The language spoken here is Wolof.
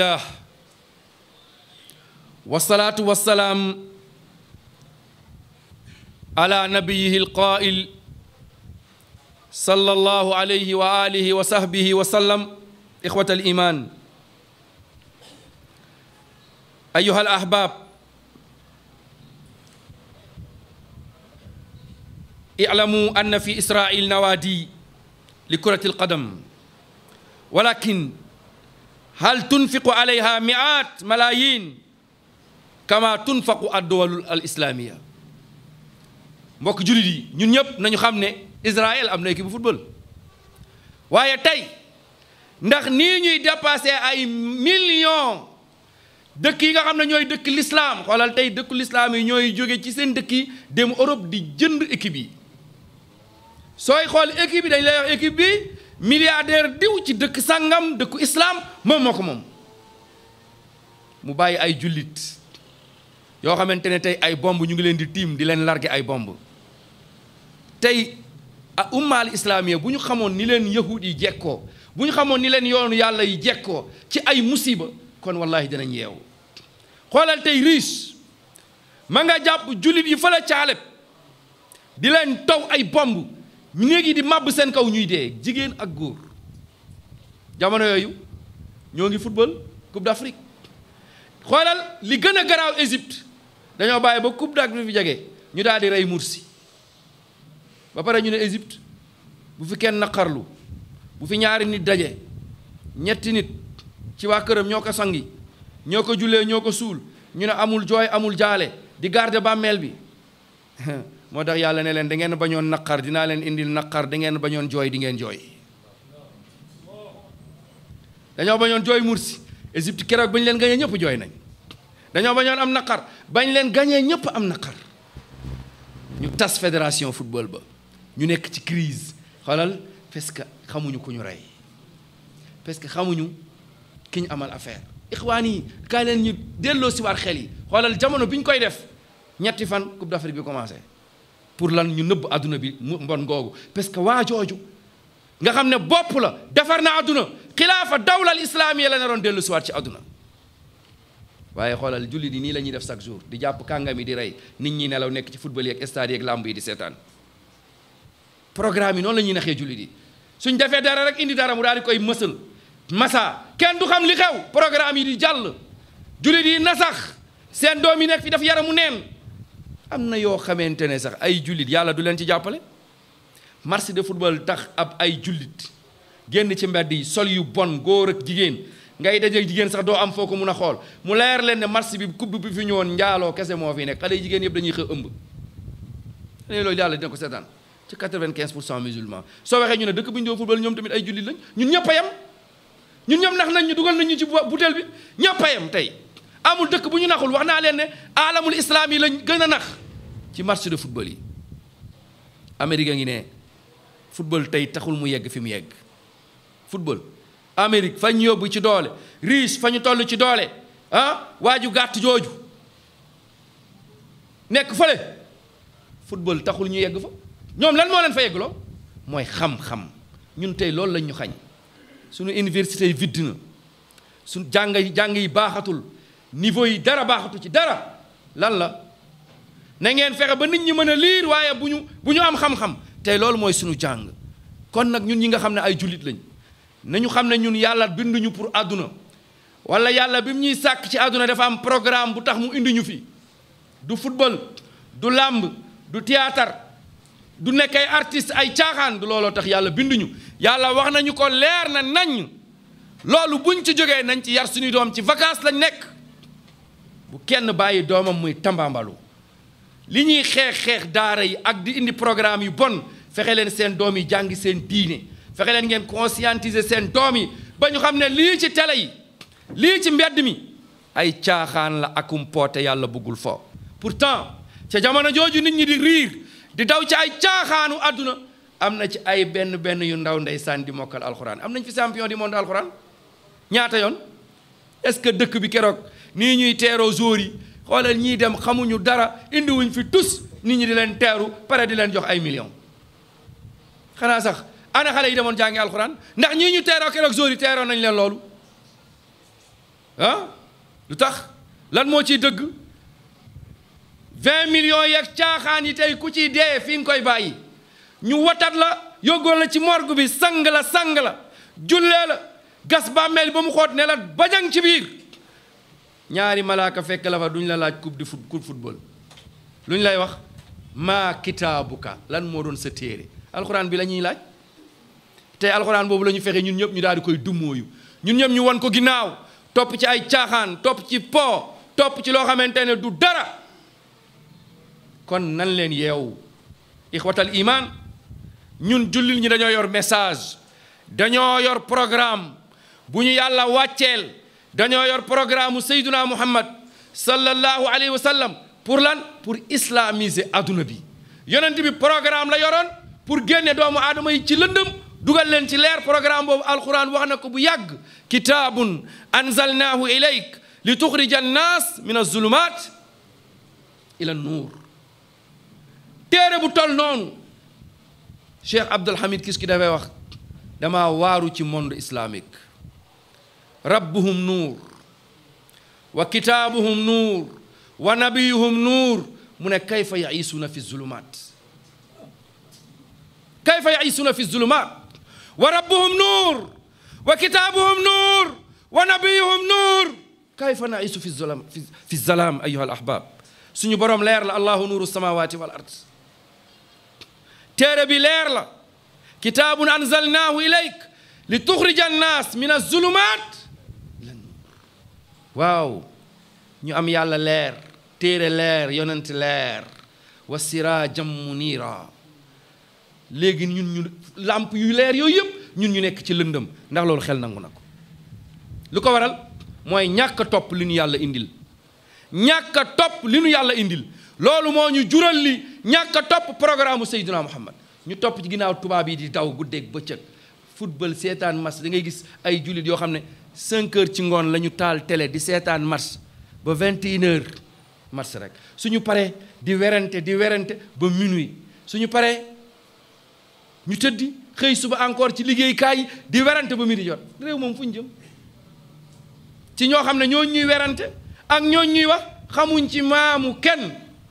lah wasalaatu wasalaam ala nabiyihi alqaail sallallahu alayhi wa alihi wa sahbihi wa sallam ixwat aliman ayuha al ahbab iclamu anna fi israil nawadi li kurati alqadam walakin hal tunfiqu alayha mi'at malaayin kama tunfaqu adduwalul al islamiya mbokk jullit yi ñun ñëpp nañu xam ne Israël am na équipe bu football waaye tey ndax nii ñuy dépassé ay millions dëkk yi nga xam ne ñooy dëkk lislaam xoolal tey dëkku lislaam yi ñooy jóge ci seen dëkk yi dem Europe di jënd équipe yi sooy xool équipe yi dañ lay wax équipe bi milliardaire diw ci dëkk sàngam dëkku islaam moom moo ko moom mu bàyyi ay jullit yoo xamante ne tey ay bomb ñu ngi leen di tiim di leen largué ay bomb tey ah ummaal islaamiya bu ñu xamoon ni leen yahud yi jekkoo bu ñu xamoon ni leen yoonu yàlla yi jekkoo ci ay musiba kon wallahi dinañ yeewu xoolal tey riche ma nga jàpp jullit yi fa la caaleb di leen taw ay bomb néeg yi di màbb seen kaw ñuy dee jigéen ak góor jamono yooyu ñoo ngi football coupe d'Afrique xoolal li gën a garaaw Égypte dañoo bàyyi ba coupe d'Afrique bi jege ñu daal di rey Mursi ba pare ñu ne Égypte bu fi kenn naqarlu bu fi ñaari nit daje ñetti nit ci waa këram ñoo ko sangi ñoo ko jullee ñoo ko suul ñu ne amul jooy amul jaale di garder bàmmeel bi moo tax yàlla ne leen da ngeen bañoon naqar dinaa leen indil naqar da ngeen bañoon jooy dingeen ngeen jooy dañoo bañoon jooy Mursi Égypte keroog bañ leen gañee ñëpp jooy nañ dañoo bañoon am naqar bañ leen gañee ñëpp am naqar ñu tas fédération football ba ñu nekk ci crise xoolal parce que xamuñu ku ñu rey parce que xamuñu ki ñu amal affaire. ixwaan yi kaay leen ñu delloo si waat xel yi xoolal jamono bi ñu koy def ñetti fan Coupe d'Afrique bi commencé. pour lan ñu nëbb àdduna bi mu mbon googu parce que waa jooju nga xam ne bopp la defar na àdduna xilaafa dawlal islaamiya la ne dellu siwaat ci àdduna waaye xoolal julli di nii la ñuy def chaque jour di jàpp kàngam yi di rey nit ñi nelaw nekk ci football yi ak stade yi ak yi di seetaan programme yi noonu la ñuy naxee julli di suñ defee dara rek indi dara mu daal di koy mësal masa kenn du xam li xew programme yi di jàll julli di sax seen doom yi nekk fi daf yaramu neen am na yoo xamante ne sax ay jullit yàlla du leen ci jàppale match de football tax ab ay jullit génn ci mbedd yi sol yu bon góor ak jigéen ngay dajeeg jigéen sax doo am foo ko mun a xool mu leer leen ne match bi coupe bi fi ñëwoon njaaloo kese moo fi nekk xale yu jigéen yëpp dañuy xëy ëmb ne loolu yàlla dina ko seetaan ci 95 pour cent musulman soo waxee ñu ne dëkk bu ñu doon football ñoom tamit ay jullit lañ ñun ñëpp a yem ñun ñoom nax nañ ñu dugal nañu ñu ci butéel bi ñëpp yem tey amul dëkk bu ñu naxul wax naa leen ne alamul islam yi lañ gën a nax ci match de football yi Amérique a ngi ne football tey taxul mu yegg fi mu yegg football Amérique fa ñu yóbbu ci doole riche fa ñu toll ci doole ah, waa ju gàtt jooju nekk fële football taxul ñu yegg fa ñoom lan moo leen fa yeggloo mooy xam-xam ñun tey loolu lañ ñu xañ suñu université yi vide na suñu jàng jàng yi baaxatul niveau yi dara baaxatu ci dara lan la na ngeen fexe ba nit ñi mën a liir waaye bu ñu bu ñu am xam-xam tey loolu mooy suñu jàng kon nag ñun ñi nga xam ne ay jullit lañ nañu xam ne ñun yàlla binduñu pour àdduna wala yàlla bi mu ñuy sàkk ci àdduna dafa am programme bu tax mu indi ñu fi du football du làmb du théâtre du nekk ay artiste ay caaxaan du looloo tax yàlla binduñu yàlla wax nañu ko leer na nañ loolu buñ ci jógee nañ ci yar suñuy doom ci vacances lañ nekk bu kenn bàyyi dooma muy tambambalu li ñuy xeex xeex daara yi ak di indi programme yi bon fexe leen seen doom yi jàngi seen diine fexe leen ngeen conscientiser seen doom yi ba ñu xam ne lii ci télé yi lii ci mbedd mi ay caaxaan la akum poote yàlla buggul foo pourtant ca jamono jooju nit ñi di riir di daw ci ay caaxaanu adduna am na ci ay benn benn yu ndaw ndeysaan di mokkal alxuraan am nañ fi champion du monde alxuraan ñaata yoon est-ce que dëkk bi keroog nii ñuy teeroo jour yi xoolal ñii dem xamuñu dara indiwuñ fi tus nit ñi di leen teeru pare di leen jox ay millions xanaa sax ana xale yi demoon jàngi alxuraan ndax ñii ñu teeroo keroog zori teeroo nañ leen loolu ah lu tax lan moo ciy dëgg vingt million yeeg caaxaan yi tey ku ciy dee fi nga koy bàyyi ñu watat la yóggoon la ci morgue bi sang la sang la jullee la gas bàmmeel ba mu xoot ne la bajang ci biir ñaari malaaka fekk la fa duñ la laaj coupe de foot coupe lu ñu lay wax maa ka lan moo doon sa téere alxuraan bi la laaj te alxuraan boobu la ñu fexe ñun ñëpp ñu daal koy dummóoyu ñun ñëpp ñu wan ko ginnaaw topp ci ay caaxaan topp ci po topp ci loo xamante ne du dara kon nan leen yeewu ixwatal imaan ñun jullit ñi dañoo yor message dañoo yor programme bu ñu yàlla wàcceel dañoo yor programme Seydina Muhammad sallallahu alayhi wa sallam pour lan pour islamiser adduna bi yonent bi programme la yoroon pour génne doomu aadama yi ci lëndëm dugal leen ci leer programme boobu alquran wax na ko bu yàgg kitaabun anzalnaahu ilayk li tuxrija annaas min azulumat ila nuur téere bu tol noonu cheikh abdulhamid Kiski dafay wax dama waaru ci monde islamique rabbuhum nuur wa kitaabuhum nuur wa nabiyuhum nuur mu ne kayfa yaisuuna fi zulumaat kayfa yaisuuna fi zulumaat wa rabbuhum nuur wa kitaabuhum nuur wa nabiyuhum nuur kayfa naisu fi zalaam fi zalaam ayuha al ahbab suñu boroom leer la allahu nuuru samawati wal ard téere bi leer la kitaabun anzalnaahu ilayk li tuxrija annaas min azulumaat waaw ñu am yàlla leer téere leer yonent leer wasira siraajam muniira léegi ñun ñu làmp yu leer yooyu yëpp ñun ñu nekk ci lëndëm ndax loolu xel nangu na ko lu ko waral mooy ñàkk topp li ñu yàlla indil ñàkk a topp li ñu yàlla indil loolu moo ñu jural li ñàkk a topp programme Seydina Muhammad ñu topp ci ginnaaw tubaab yi di daw guddeeg bëccëg football seetaan mas da ngay gis ay jullit yoo xam ne cinq heures ci ngoon la ñu taal télé di seetaan match ba vingt et une heures match rek suñu paree di werante di werante ba minuit suñu paree ñu tëddi xëy suba encore ci liggéeykaay yi di werante ba midi jot réew moom fu ñu jëm ci ñoo xam ne ñooñu ñuy werante ak ñooñu ñuy wax xamuñ ci maamu kenn